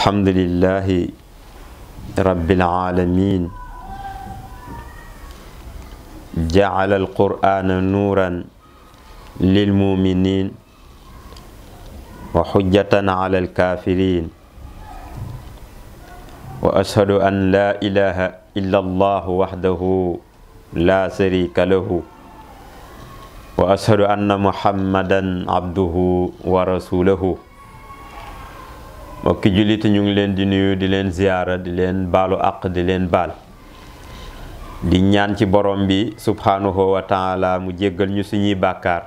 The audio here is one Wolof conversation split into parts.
الحمد لله رب العالمين جعل القرآن نورا للمؤمنين وحجة على الكافرين وأشهد أن لا إله إلا الله وحده لا شريك له وأشهد أن محمدا عبده ورسوله mbokki jullit ñu ngi leen di nuyu di leen ziyaara di leen baalu àq di leen baal di ñaan ci borom bi subhaanahu wa taala mu jéggal ñu suñuy bàkkaar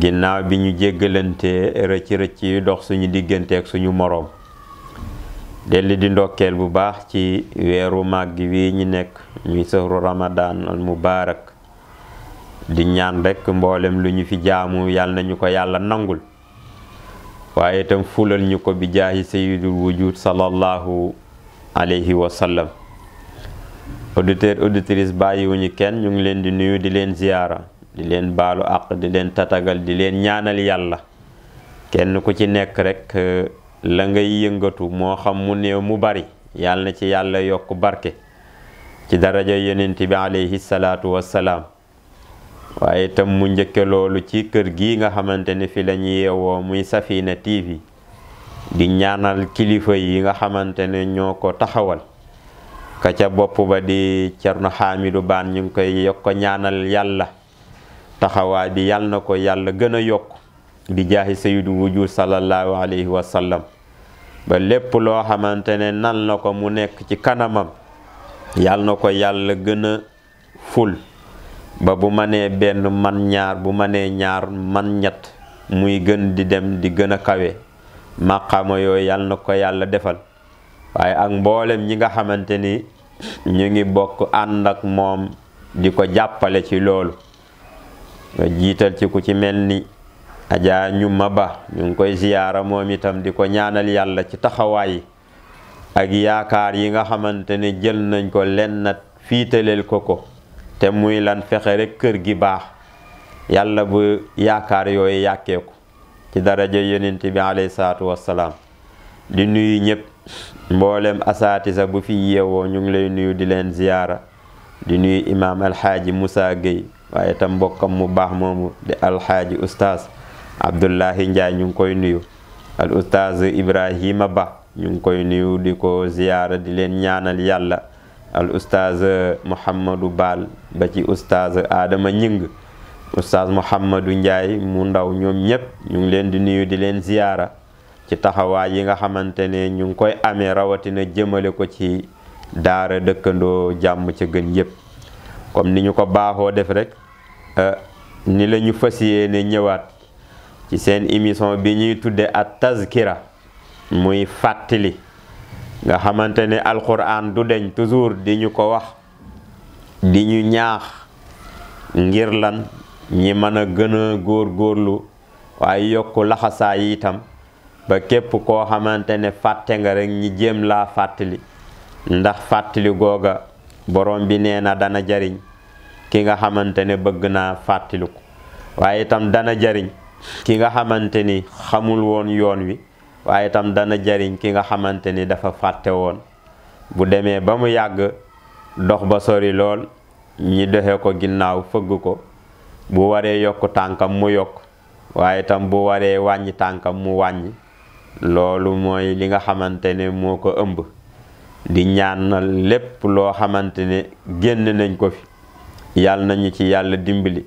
ginnaaw bi ñu jéggalantee rëcc rëcc yu dox suñu diggante ak suñu moroom delli di ndokkeel bu baax ci weeru màgg wi ñu nekk muy sëhru ramadan al mubaarak di ñaan rekk mboolem lu ñu fi jaamu yàlla nañu ko yàlla nangul waaye itam fulal ñu ko bi jaahi sayyidul wujud sallallahu alayhi wa sallam auditeur auditrice bàyyiwuñu kenn ñu ngi leen di nuyu di leen ziyaara di leen baalu àq di leen tatagal di leen ñaanal yàlla kenn ku ci nekk rek euh, la ngay yëngatu moo xam mu néew mu bari yàlla na ci yàlla yokk barke ci daraja yonent bi alayhi salaatu wassalaam waaye itam mu njëkke loolu ci kër gii nga xamante ne fi lañuy yewoo muy safina tv di ñaanal kilifa yi nga xamante ne ñoo ko taxawal ka ca bopp ba di cerno xaamidu baan ñu ngi koy yokk ko ñaanal yàlla taxawaay bi yàll na ko yàlla gën a yokk di jaaxi sayidu wujuud salallahu aleyhi wasallam ba lépp loo xamante ne nal na ko mu nekk ci kanamam yàll na ko yàlla gën a ful ba bu manee benn man ñaar bu manee ñaar man ñett muy gën di dem di gën a kawe màqaama yooyu yàll na ko yàlla defal waaye ak mboolem ñi nga xamante ni ñu ngi bokk ànd ak moom di ko jàppale ci loolu nga jiital ci ku ci mel ni ajaa ñu ma ba ñu ngi koy ziyaara moom itam di ko ñaanal yàlla ci taxawaay yi ak yaakaar yi nga xamante ni jël nañ ko lenn fiitaleel ko ko te muy lan fexe rek kër gi baax yàlla bu yaakaar yooyu yàkkeeku ci daraja yonent bi alayhi salaatu wassalaam di nuyu ñëpp mboolem asaatisa bu fi yeewoo ñu ngi lay nuyu di leen ziyaara di nuyu imaam alxaaji Moussa Gueye waaye tam mbokkam mu baax moomu di alxaaji ustaas Abdullahi Ndiaye ñu ngi koy nuyu al ustaas Ibrahima Ba ñu ngi koy nuyu di ko ziyaara di leen ñaanal yàlla al oustaz Mouhamadou bal ba ci oustaz Adama Ñing oustaz Mouhamadou njaay mu ndaw ñoom ñépp ñu ngi leen di nuyu di leen ziyaara ci taxawaay yi nga xamante ne ñu ngi koy amee rawatina jëmale ko ci daara dëkkandoo jàmm ci gën yépp comme ni ñu ko baaxoo def rek euh, ni la ñu fas yéene ñëwaat ci seen émission bi ñuy tuddee at tazkira muy fàttali nga xamante ne alxuraan du deñ toujours di ñu ko wax di ñu ñaax ngir lan ñi mën a gën a góorlu waaye yokk laxasaa yi itam ba képp koo xamante ne fàtte nga rekk ñi jéem laa fàttali ndax fàttali googa borom bi nee na dana jariñ ki nga xamante ne bëgg naa fàttaliku waaye itam dana jariñ ki nga xamante ni xamul woon yoon wi waaye itam dana jariñ ki nga xamante ni dafa fàtte woon bu demee ba mu yàgg dox ba sori lool ñi doxe ko ginnaaw fëgg ko bu waree yokk tànkam mu yokk waaye itam bu waree wàññi tànkam mu wàññi loolu mooy li nga xamante ne moo ko ëmb di ñaan na lépp loo xamante ne génn nañ ko fi yàlla nañu ci yàlla dimbali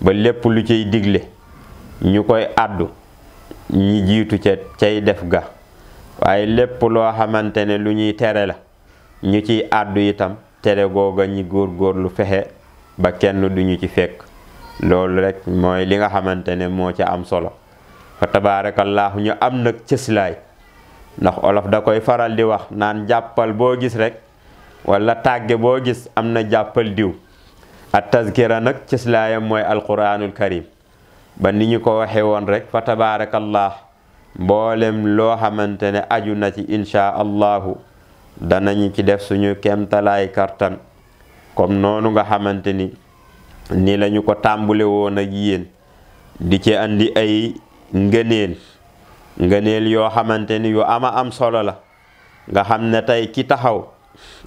ba lépp lu ciy digle ñu koy àddu ñi jiitu ca cay def ga waaye lépp loo xamante ne lu ñuy tere la ñu ciy àddu itam tere googa ñi góor góorgóorlu fexe ba kenn duñu ci fekk loolu rek mooy li nga xamante ne moo ca am solo fa tabaarakallaahu ñu am nag cëslaay ndax olof da koy faral di wax naan jàppal boo gis rekk walla tàgge boo gis am na jàppal diw at tazkira nag cëslaayam mooy alquraanul karim ba ni ñu ko waxee woon rek fa tabaarakallah mboolem loo xamante ne aju na ci insha allahu danañu ci def suñu kemtalaay kartan comme noonu nga xamante ni ni lañu ko tàmbule woon ak yéen di ci andi ay ngëneel ngëneel yoo xamante ni yu ama am solo la nga xam ne tey kii taxaw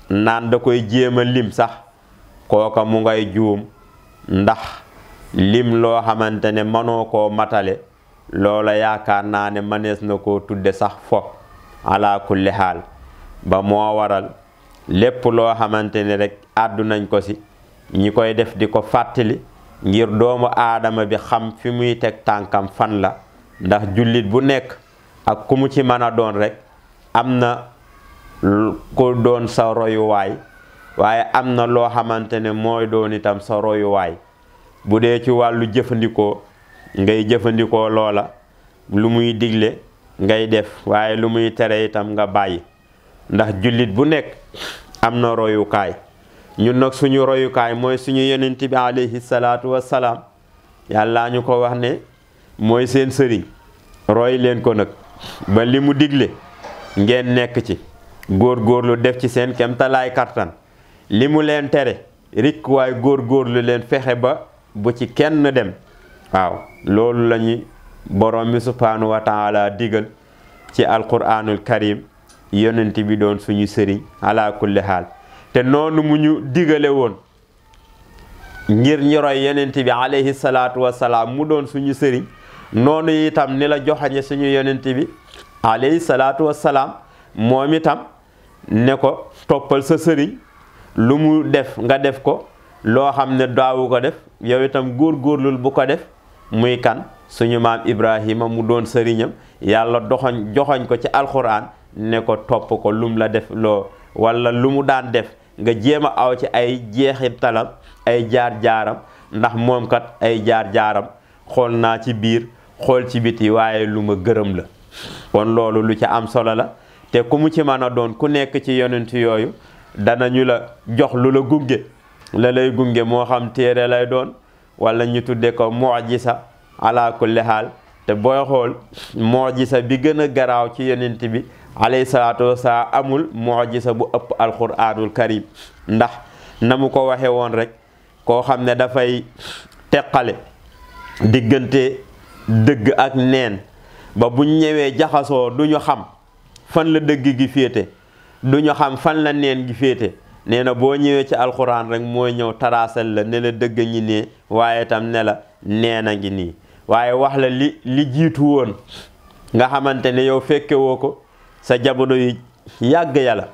naan da koy jéem a lim sax kooka mu ngay juum ndax lim loo xamantene manoo koo matale loola yaakaar naa ne manees na koo tudde sax fop ala kulli xaal ba moo waral lépp loo xamantene rek àddu nañ ko si ñi koy def di ko fàttali ngir doomu aadama bi xam fi muy teg tànkam fan la ndax jullit bu nekk ak ku mu ci mën a doon rek am na ko doon sa royuwaay waaye am na loo xamante ne mooy doon itam sa royuwaay bu dee ci wàllu jëfandikoo ngay jëfandikoo loola lu muy digle ngay def waaye lu muy tere itam nga bàyyi ndax jullit bu nekk am na royukaay ñun nag suñu royukaay mooy suñu yeneen bi alayhi salaatu wassalaam yàllaa ñu ko wax ne mooy seen sëriñ roy leen ko nag ba li mu digle ngeen nekk ci góor-góorlu def ci seen kem talaay kartan li mu leen tere rikk waay góor-góorlu leen fexe ba bu ci kenn dem waaw loolu la ñu borom mi subhaanahu digal ci alquranul karim yonent bi doon suñu sëriñ ala kulli te noonu mu ñu digale woon ngir ñu roy bi alayhi salaatu wasalaam mu doon suñu sëriñ noonu itam ni la joxañe suñu yonent bi alayhi salaatu wasalaam moom itam ne ko toppal sa sëriñ lu mu def nga def ko loo xam ne daawu ko def yow itam góor góorgóorlul bu ko def muy kan suñu maam Ibrahima mu doon sëriñam yàlla doxoñ joxoñ ko ci alxuraan ne ko topp ko lum la def loo walla lu mu daan def nga jéem a aw ci ay jeexitalam ay jaar-jaaram ndax moom kat ay jaar-jaaram xool naa ci biir xool ci biti waaye lu ma gërëm la kon loolu lu ci am solo la te ku mu ci mën a doon ku nekk ci yonent yooyu danañu la jox lu la gunge la gunge moo xam téere lay doon walla ñu tudde ko mujisa ala kulli haal te booy xool mujisa bi gën a garaaw ci yonent bi alayhi salaatu wasalaa amul mujisa bu ëpp alquraanul karim ndax na mu ko waxe woon rek koo xam ne dafay teqale diggante dëgg ak neen ba bu ñëwee jaxasoo du ñu xam fan la dëgg gi féete du ñu xam fan la neen gi féete nee na boo ñëwee ci alxuraan rek mooy ñëw taraasal la ne dëgg ñi ne waaye tam ne la nee na ngi nii waaye wax la li li jiitu woon nga xamante ne yow fekke woo ko sa jamono yi yàgg yàlla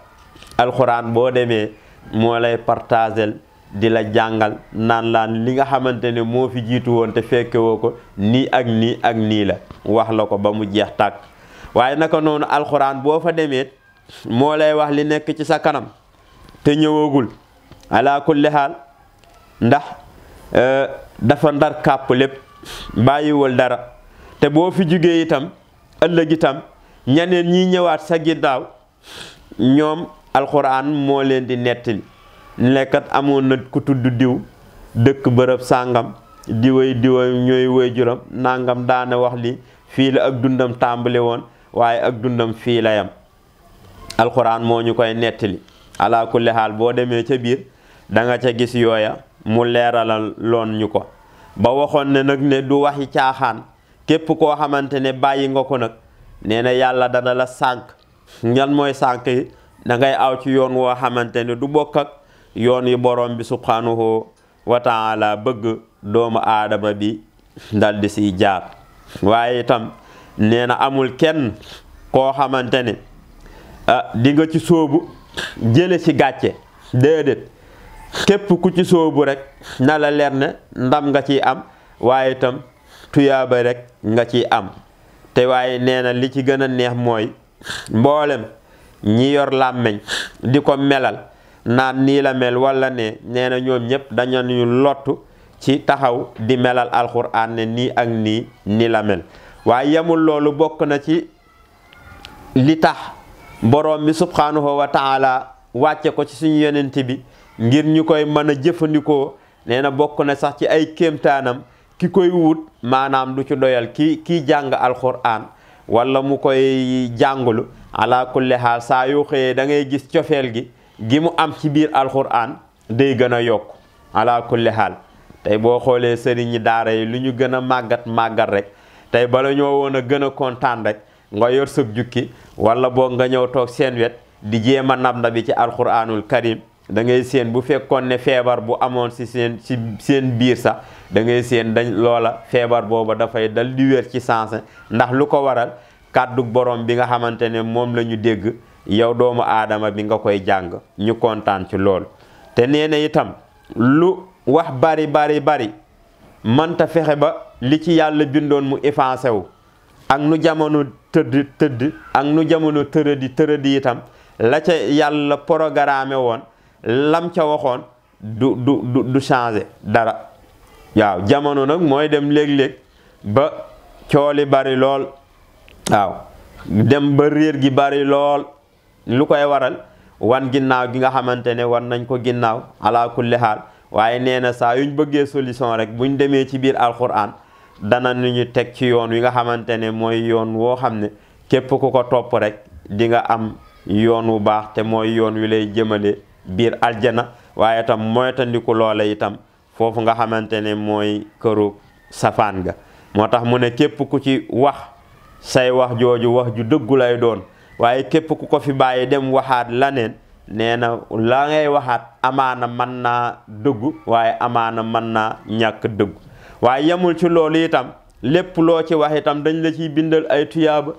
alxuraan boo demee moo lay partagel di la jàngal naan laan li nga xamante ne moo fi jiitu woon te fekke woo ko nii ak nii ak nii la wax la ko ba mu jeex tàkk waaye naka noonu alxuraan boo fa demee moo lay wax li nekk ci sa kanam te ñëwagul ala kulli xaal ndax euh, dafa ndar kàpp lépp bàyyiwul dara te boo fi jugee itam ëllëg itam ñeneen ñi ñëwaat sa ginnaaw ñoom alxuraan moo leen di nettali nekkat amoon na ku tudd diw dëkk bërëb sàngam diwéy diwéy ñooy waajuram nangam daana wax li fii la ak dundam tàmbali woon waaye ak dundam fii la yam alxuraan moo ñu koy nettili ala kulli hal bo deme ca biir danga ca gis yooya mu leeralal loon ñu ko ba waxon ne nag ne du waxi caaxaan képp koo xamante ne bàyyi nga ko nag nee na yàlla dana la sànk ñan mooy sànk yi dangay aw ci yoon woo xamante ne du bokk ak yoon yi borom bi subhanahu wa taala bëgg doomu aadama bi dal di siy jaar waaye itam nee na amul kenn koo xamante ne ah, di nga ci soobu jële ci gàcce déedéet képp ku ci soobu rekk na la leer ndam nga ciy am waaye itam tuyaaba rek nga ciy am te waaye nee na li ci gën a neex mooy mboolem ñi yor làmmeñ di ko melal naan nii la mel wala ne nee na ñoom ñépp dañu lottu ci taxaw di melal alxuraan ne nii ak nii ni la mel waaye yemul loolu bokk na ci li tax borom mi subhaanahu wa taala wàcce ko ci suñu yonent bi ngir ñu koy mën a jëfandikoo nee na bokk na sax ci ay kéemtaanam ki koy wut maanaam du ci doyal ki kii jàng alxuraan wala mu koy jàngulu ala kulli xaal saa yoo xëyee da gis cofeel gi gi mu am ci biir alxuraan day gën a yokk ala xaal tey boo xoolee sëriñ daara yi lu ñu gën a màggat màggat rek tey bala ñoo woon a gën a kontaan rek nga yor sëb jukki wala boog nga ñëw toog seen wet di jéem a nab bi ci alquranul karim da ngay seen bu fekkoon ne feebar bu amoon si seen ci seen biir sax da ngay seen dañ loola feebar booba dafay dal di wér ci sens ndax lu ko waral kàddu borom bi nga xamante ne moom lañu dégg yow doomu aadama bi nga koy jàng ñu kontaan ci lool te nee na itam lu wax bari bari bari mënta fexe ba li ci yàlla bindoon mu effacé wu ak nu jamono tëdd tëdd ak nu jamono tëradi tëradi itam la ca yàlla programme woon lam ca waxoon du du du changé dara waaw jamono nag mooy dem léeg-léeg ba cooli bari lool waaw dem ba réer gi bari lool lu koy waral wan ginnaaw gi nga xamante ne war nañ ko ginnaaw ala kulli xaal waaye nee na saa yuñ bëggee solution rek buñ demee ci biir alquran dana ñu teg ci yoon wi nga xamante ne mooy yoon woo xam ne képp ku ko topp rek di nga am yoon wu baax te mooy yoon wi lay jëmale biir aljana waaye itam moytandiku loole itam foofu nga xamante ne mooy këru safaan ga moo tax mu ne képp ku ci wax say wax jooju wax ju dëggu lay doon waaye képp ku ko fi bàyyi dem waxaat laneen nee na la ngay waxaat amaana mën naa dëggu waaye amaana mën naa ñàkk dëggu waa yemul ci loolu itam lépp loo ci wax itam dañ la ciy bindal ay tuyaaba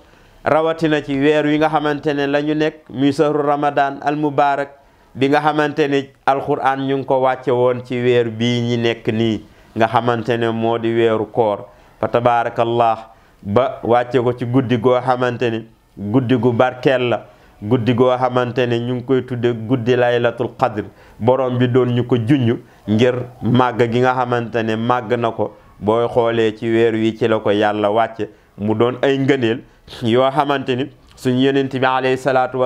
rawatina ci weer wi nga xamante ne la ñu nekk muy sahru ramadan al mubarak bi nga xamante ne alquran ñu ngi ko wàcce woon ci weer bii ñi nekk nii nga xamante ne moo di weeru koor fa tabaarakallah ba wàcce ko ci guddi goo xamante ni guddi gu barkeel la guddi goo xamante ne ñu ngi koy tudde guddi laylatul qadr borom bi doon ñu ko junj ngir màgg gi nga xamante ne màgg na ko booy xoolee ci weer wi ci la ko yàlla wàcce mu doon ay ngëneel yoo xamante ni suñu yonent bi alayhi salaatu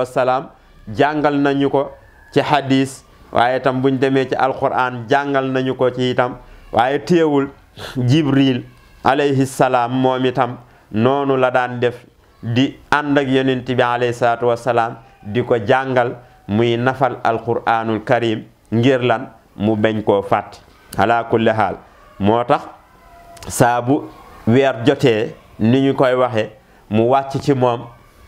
jàngal nañu ko ci hadis waaye itam buñ demee ci alquran jàngal nañu ko ci itam waaye téewul jibril alayhi salaam moom itam noonu la daan def di ànd ak yonent bi alayhi di ko jàngal muy nafal alquranul karim ngir mu beñ koo fàtt ala kulli xaal moo tax saabu weer jotee ni ñu koy waxe mu wàcc ci moom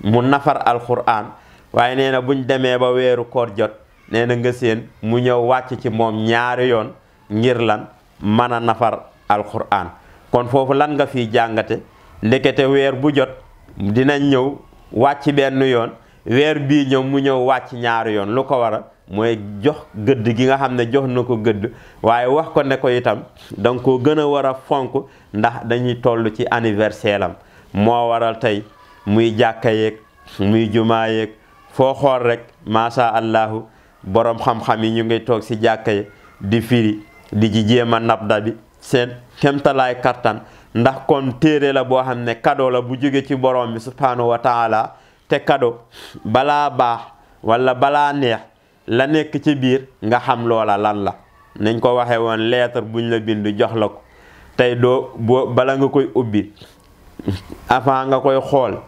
mu nafar alquran waaye nee na buñ demee ba weeru koor jot nee na nga seen mu ñëw wàcc ci moom ñaari yoon ngir lan mën a nafar alquran kon foofu lan nga fiy jàngate ndekete weer bu jot dinañ ñëw wàcc benn yoon weer bii ñëw mu ñëw wàcc ñaari yoon lu ko waral mooy jox gëdd gi nga xam ne jox na ko gëdd waaye wax ko ne ko itam danga ko gën a war a fonk ndax dañuy toll ci anniversaire am moo waral tey muy jàkka yeeg muy jumaa yeeg foo xool rek maasa allahu borom xam-xam yi ñu ngi toog si jàkka yi di firi di ji jéem a nabda bi seen kemtalaay kattan ndax kon téere la boo xam ne kado la bu jóge ci borom bi subhanahu wa taala te kado balaa baax wala balaa neex la nekk ci biir nga xam loola lan la nañ ko waxe woon lettre buñ la bind jox la ko tey doo boo bala nga koy ubbi avant nga koy xool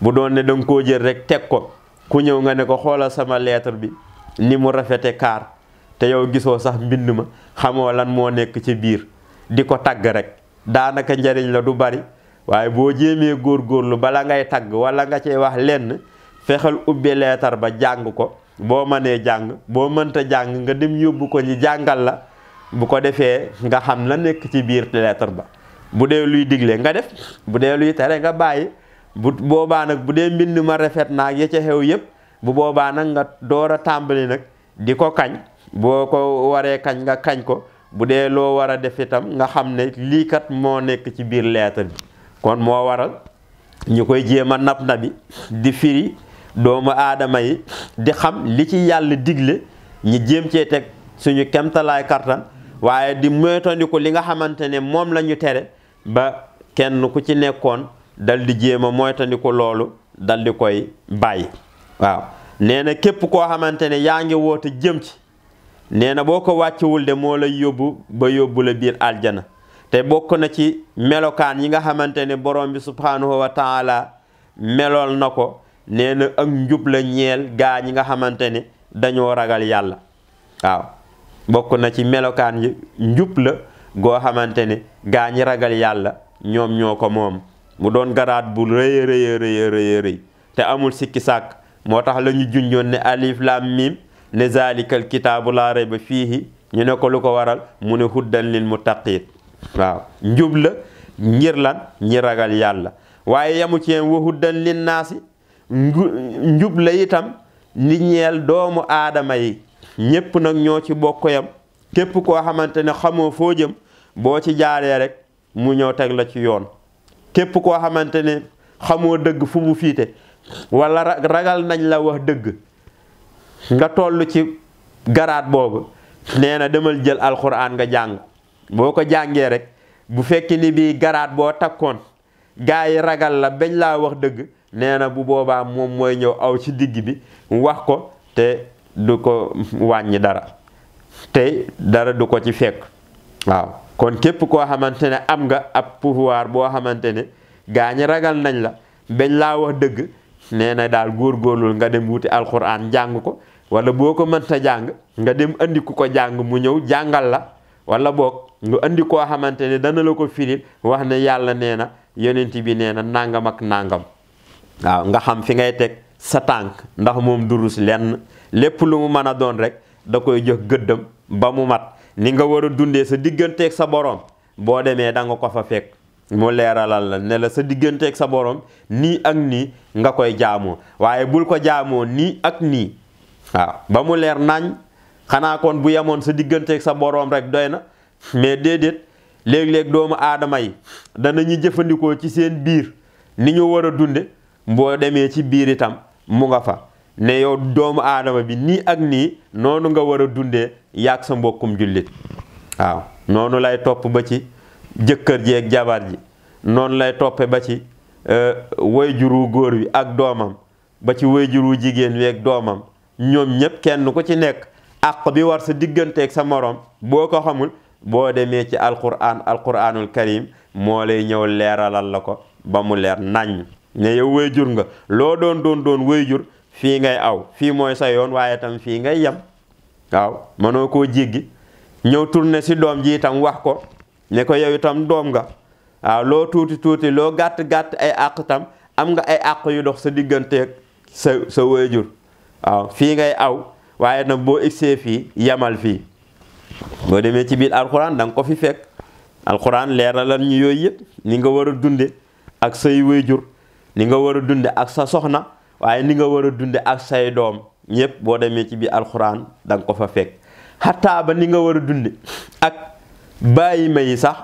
bu doon ne danga koo jël rek teg ko ku ñëw nga ne ko xoolal sama leetar bi ni mu rafete kaar te yow gisoo sax mbind ma xamoo lan moo nekk ci biir di ko tagg rek daanaka njariñ la du bari waaye boo jéemee góorgóorlu bala ngay tagg wala nga cee wax lenn fexeel ubbi leetar ba jàng ko boo mënee jàng boo mënta jàng nga dem yóbbu ko ñi jàngal la bu ko defee nga xam la nekk ci biir lettre ba bu dee luy digle nga def bu dee luy tere nga bàyyi bu boobaa nag bu dee mbind ma rafet naag ya ca xew yëpp bu boobaa nag nga door a tàmbali nag di ko kañ boo ko waree kañ nga kañ ko bu dee loo war a def itam nga xam ne lii kat moo nekk ci biir lettre bi kon moo waral ñu koy jéem a nab nabi di firi doomu aadama yi di xam li ci yàlla digle ñu jéem cee teg suñu kemtalaay kartan waaye di moytandiku li nga xamante ne moom la ñu tere ba kenn ku ci nekkoon dal di jéem a moytandiku loolu dal di koy bàyyi waaw nee na képp koo xamante ne yaa ngi woote jëm ci nee na boo ko wàccewul de moo lay yóbbu ba yóbbu la biir aljana te bokk na ci melokaan yi nga xamante ne borom bi subhanahu wa taala melool na ko nee na ak njubla ñeel gaa ñi nga xamante ne dañoo ragal yàlla waaw bokk na ci melokaan yi njub la goo xamante ne gaa ñi ragal yàlla ñoom ñoo ko moom mu doon garaat bu rëy rëy rëy te amul sikki sàkk moo tax la ñu junjoon ne alif lam mim ne zalikal kitaabu laa rayba fiihi ñu ne ko lu ko waral mu ne huddan lil muttaqiin waaw njub la ñir lan ñi ragal yàlla waaye yamu ci wa huddan lin naasi njub itam li ñeel doomu aadama yi ñépp nag ñoo ci bokk yam képp koo xamante ne xamoo foo jëm boo ci jaaree rek mu ñëw teg la ci yoon képp koo xamante ne xamoo dëgg fu mu fiite wala ragal nañ la wax dëgg nga toll ci garaat boobu neena demal jël alxuraan nga jàng boo ko jàngee rekk bu fekki ni bii garaat boo takkoon gaa yi ragal la bañ laa wax dëgg nee na bu boobaa moom mooy ñëw aw ci digg bi wax ko te du ko wàññi dara te dara du ko ci fekk waaw kon képp koo xamante ne am nga ab pouvoir boo xamante ne gaa ñi ragal nañ la bañ laa wax dëgg nee na daal góorgóorlul nga dem wuti alxuraan njàng ko wala boo ko mënta jàng nga dem andi ku ko jàng mu ñëw jàngal la walla boog nga andi koo xamante ne dana la ko firil wax ne yàlla nee na yonent bi nee na nàngam ak nangam. waaw nga xam fi ngay teg sa tànk ndax moom durus lenn lépp lu mu mën a doon rek da koy jox gëddam ba mu mat ni nga war a dundee sa digganteeg sa borom boo demee da nga ko fa fekk mu leeralal la ne la sa digganteeg sa borom nii ak nii nga koy jaamoo waaye bul ko jaamoo nii ak nii waaw ba mu leer nañ xanaa kon bu yemoon sa digganteeg sa borom rek doy na mais déedéet léeg-léeg doomu aadama yi danañu jëfandikoo ci seen biir ni ñu war a dunde boo demee ci biir itam mu nga fa ne yow doomu aadama bi nii ak nii noonu nga war a dundee yàgg sa mbokkum jullit waaw noonu lay topp ba ci jëkkër ji ak jabar ji noonu lay toppe ba ci euh, way juru góor wi ak doomam ba ci way juru jigéen wi doomam ñoom ñépp kenn ku ci nekk àq bi war sa digganteeg sa moroom boo ko xamul boo demee ci alquran alquranul karim moo lay ñëw leeralal la ko ba mu leer nàññ ne yow wéyjur nga loo doon doon doon wéyjur fii ngay aw fii mooy sa yoon waaye tam fii ngay yem waaw mënoo ko jéggi ñëw tourné si doom ji tam wax ko ne ko yow itam doom nga loo tuuti tuuti loo gàtt gàtt ay àq itam am nga ay àq yu dox sa digganteeg sa sa wéyjur waaw fii ngay aw waaye nag boo egsee fii yamal fii boo demee ci biir alxuraan da nga ko fi fekk alxuraan leeralal ñu yooyu yëpp ni nga war a dunde ak say wéyjur ni nga war a dunde ak sa soxna waaye ni nga war a dunde ak say doom ñëpp boo demee ci biir alxuraan da ko fa fekk xataa ba li nga war a dunde ak bàyyi may yi sax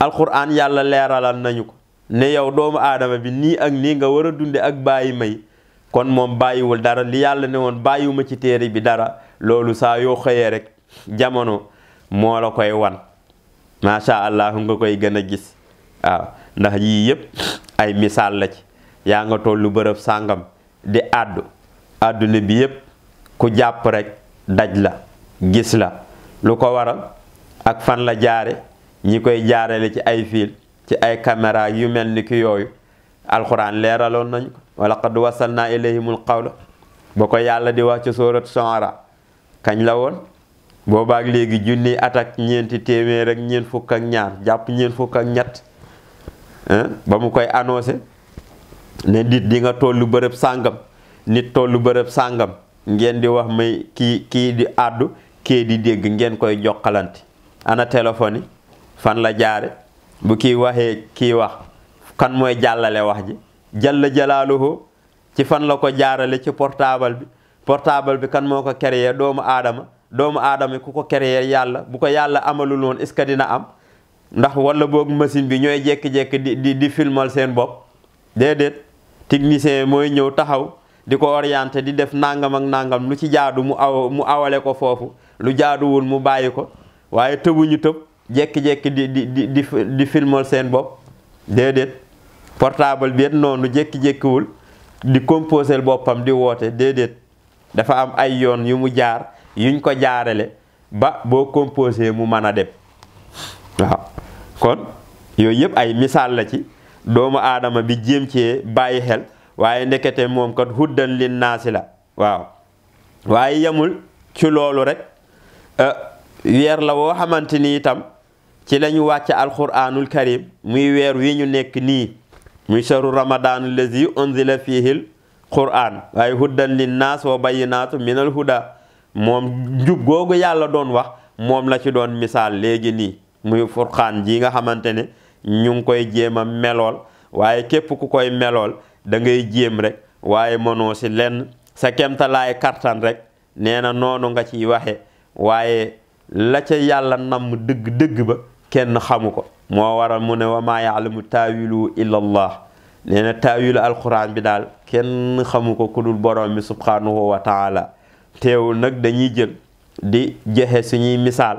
alxuraan yàlla leeralal nañu ko ne yow doomu aadama bi nii ak nii nga war a dunde ak bàyyi may kon moom bàyyiwul dara li yàlla ne woon bàyyiwuma ci téere bi dara loolu saa yoo xëyee rek jamono moo la koy wan macha allah nga koy gën a gis waaw ndax yii yëpp ay misaal la ci yaa nga lu bërëb sàngam di àddu àdduna bi yépp ku jàpp rekk daj la gis la lu ko waral ak fan la jaare ñi koy jaarale ci ay fiil ci ay caméra yu mel ni ki yooyu alxuraan leeraloon nañu ko wala qad wasalnaa ilayhimul qawla ba ko yàlla di wàcc soo sóorat Shu'ara kañ la woon boobaak léegi junniy at ak ñeenti téeméer ak ñeent fukk ak ñaar jàpp ñeent fukk ak ñett ba mu koy annoncé ne nit di nga tollu bërëb sàngam nit tollu bërëb sàngam ngeen di wax may kii kii di àddu kii di dégg ngeen koy jokkalante ana téléphone yi fan la jaare bu kii waxee kii wax kan mooy jàllale wax ji jàll jalaaluhu ci fan la ko jaarale ci portable bi portable bi kan moo ko créé doomu aadama doomu aadama ku ko créé yàlla bu ko yàlla amalul woon est ce que dina am ndax wala boog machine bi ñooy jekki-jekki di di di filmal seen bopp dedet technicien moy ñew taxaw diko orienter di def nangam ak nangam lu ci jaadu mu aw mu awale ko fofu lu jaadu won mu bayiko waye teubuñu teub jek jek di di di di, di filmol sen bop dedet portable bi et nonu jek jek wul di composer bopam di wote dedet dafa am ay yoon yu mu jaar yuñ ko jaarale ba bo composer mu mana dem waaw kon yoy yeb ay misal la ci doomu aadama bi jéem cee bàyyi xel waaye ndekete moom kat huddan lin naasi la waaw waaye yemul ci loolu rek euh, weer la woo xamante ni itam ci lañu wàcc alquranul karim muy weer wi ñu nekk nii muy shahru ramadaan allazi unzila fiihil quran waaye huddan lin naas wa bayyinaatu minal huda moom njub googu yàlla doon wax moom la ci doon misaal léegi nii muy furqaan ji nga xamante ne ñu ngi koy jéem a melool waaye képp ku koy melool da ngay jéem rekk waaye mënoo ci lenn sa kemtalaay kartan rek nee na noonu nga ciy waxe waaye la ca yàlla namm dëgg-dëgg ba kenn xamu ko moo waral mu ne wa maa yaalamu taawilu illa allah nee taawilu alquran bi daal kenn xamu ko ku dul borom mi subhanahu wa taala teewul nag dañuy jël di jexe suñuy misaal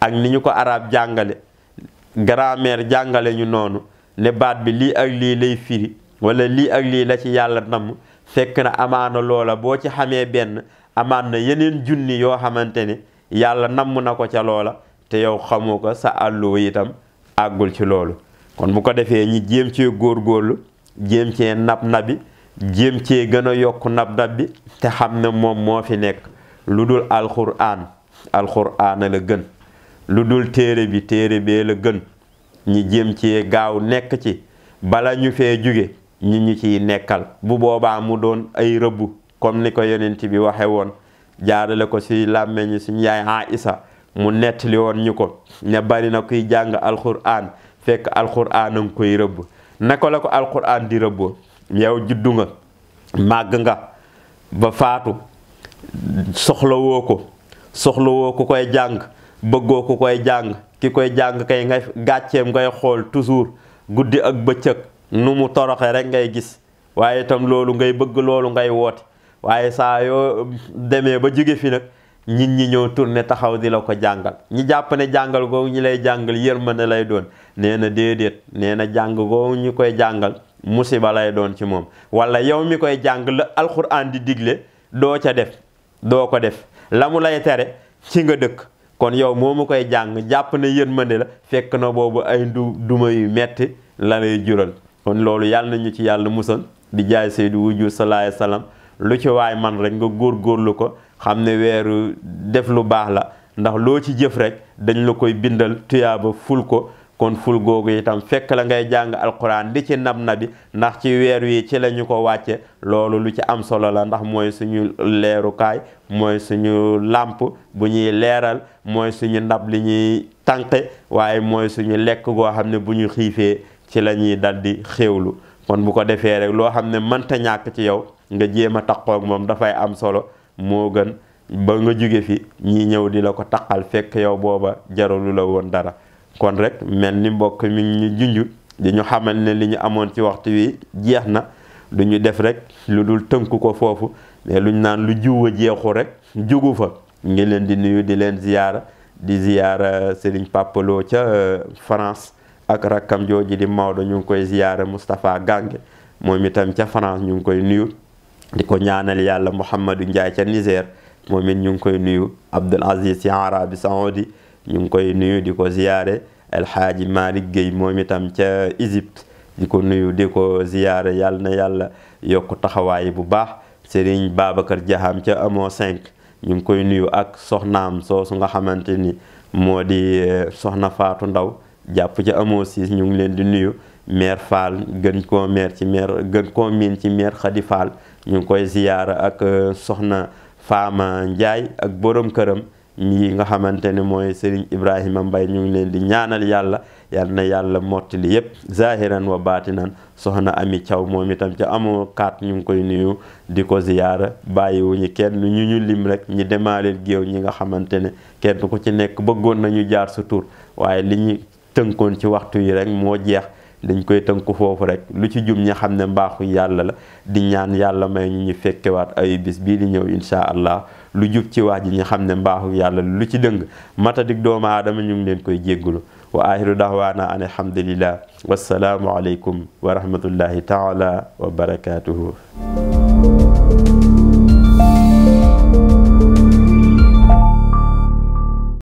ak ni ñu ko arab jàngale grammaire jàngale ñu noonu ne baat bi lii ak lii lay firi wala lii ak lii la ci yàlla namm fekk na amaana loola boo ci xamee benn amaan na yeneen junni yoo xamante ne yàlla namm na ko ca loola te yow xamu ko sa àlluwa itam àggul ci loolu kon bu ko defee ñi jéem cee góorlu jéem cee nab nabi jéem cee gën a yokk nab nab bi te xam ne moom moo fi nekk lu dul alxuraan alxuraan la gën lu dul téere bi téere bee la gën ñi jéem ci gaaw nekk ci bala ñu fee jóge ñi ñu ciy nekkal bu boobaa mu doon ay rëbb comme ni ko yonent bi waxe woon jaarale ko si làmmeñi suñ yaay isa mu nettili woon ñu ko ne bari na kuy jàng alquran fekk alquran anga koy rëbb naka la ko alquran di rëbboo yow juddu nga màgg nga ba faatu soxlawoo ko soxlawoo ku koy jàng bëggoo ko koy jàng ki koy jàng kay ngay gàcceem ngay xool toujours guddi ak bëccëg nu mu toroxe rek ngay gis waaye itam loolu ngay bëgg loolu ngay woot waaye saa yoo demee ba jóge fi nag nit ñi ñëw tourné taxaw di la ko jàngal ñi jàpp ne jàngal googu ñi lay jàngal yërmande lay doon nee na déedéet nee na jàng googu ñu koy jàngal musiba lay doon ci moom wala yow mi koy jàng la alxuraan di digle doo ca def doo ko def la mu lay tere ci nga dëkk kon yow moomu koy jàng jàpp na ma ni la fekk na boobu ay du duma yu metti la lay jural kon loolu yàlla na ñu ci yàlla musal di jaay saydu wujju salaay salaam lu ci waay man rek nga góor góorlu ko xam ne weeru def lu baax la ndax loo ci jëf rek dañ la koy bindal tuyaaba ful ko kon ful googu itam fekk la ngay jàng alquran di ci nab nabi ndax ci weer wi ci lañu ko wàcce loolu lu ci am solo la ndax mooy suñu leerukaay mooy suñu làmp bu ñuy leeral mooy suñu ndab li ñuy tànqe waaye mooy suñu lekk goo xam ne bu ñu xiifee ci la ñuy di xéewlu kon bu ko defee rek loo xam ne mënta ñàkk ci yow nga jéem a taqoog moom dafay am solo moo gën ba nga jóge fi ñi ñëw di la ko taqal fekk yow booba jaralu la woon dara kon rek mel ni mbokk mi ñu junju di ñu xamal ne li ñu amoon ci waxtu wi jeex na du ñu def rek lu dul tënku ko foofu mais ñu naan lu jiw a jeexu rek jugu fa ngi leen di nuyu di leen ziyaara di ziyaara Serigne Papaloo ca euh, France ak rakkam jooji di Maodo ñu ngi koy ziyaara Moustapha Gange moom itam ca France ñu ngi koy nuyu di ko ñaanal yàlla Mouhamadou Ndiaye ca Niger moom it ñu ngi koy nuyu Abdul Aziz ci Arabi Saoudi ñu ngi koy nuyu di ko ziyaare El Hadji Malick moom itam ca Égypte di ko nuyu di ko ziyaare yàlla na yàlla yokk taxawaay bu baax Serigne Babacar Diaham ca amoo 5 ñu ngi koy nuyu ak soxnaam soosu nga xamante ni moo di eh, soxna Faatu Ndaw jàpp ca amoo 6 ñu ngi leen di nuyu maire Fall gën koo maire ci maire gën koo miin ci maire Khady Fall ñu ngi koy ziyaara ak eh, soxna Faama njaay ak borom këram mii nga xamante ne mooy Serigne Ibrahima mbay ñu ngi leen di ñaanal yàlla yal na yàlla mottali yépp zahiran wa baatinan soxna Ami caw moom itam ca amoo kaat ñu ngi koy nuyu di ko ziyaara bàyyiwuñu kenn ñu ñu lim rek ñi demaaleel géew ñi nga xamante ne kenn ku ci nekk bëggoon na ñu jaar sa tur waaye li ñu tënkoon ci waxtu yi rek moo jeex dañ koy tënku foofu rek lu ci jum ñi xam ne mbaaxu yàlla la di ñaan yàlla may ñu ñu fekkewaat ay bis bii di ñëw incha allah lu jub ci wax ji ñu xam ne mbaaxu yàlla lu ci dëng matadik doomu aadama ñu ngi leen koy jéggulu wa ahiru dahwaana an alhamdulillah wassalaamu aleykum wa rahmatullahi taala wa barakatuhu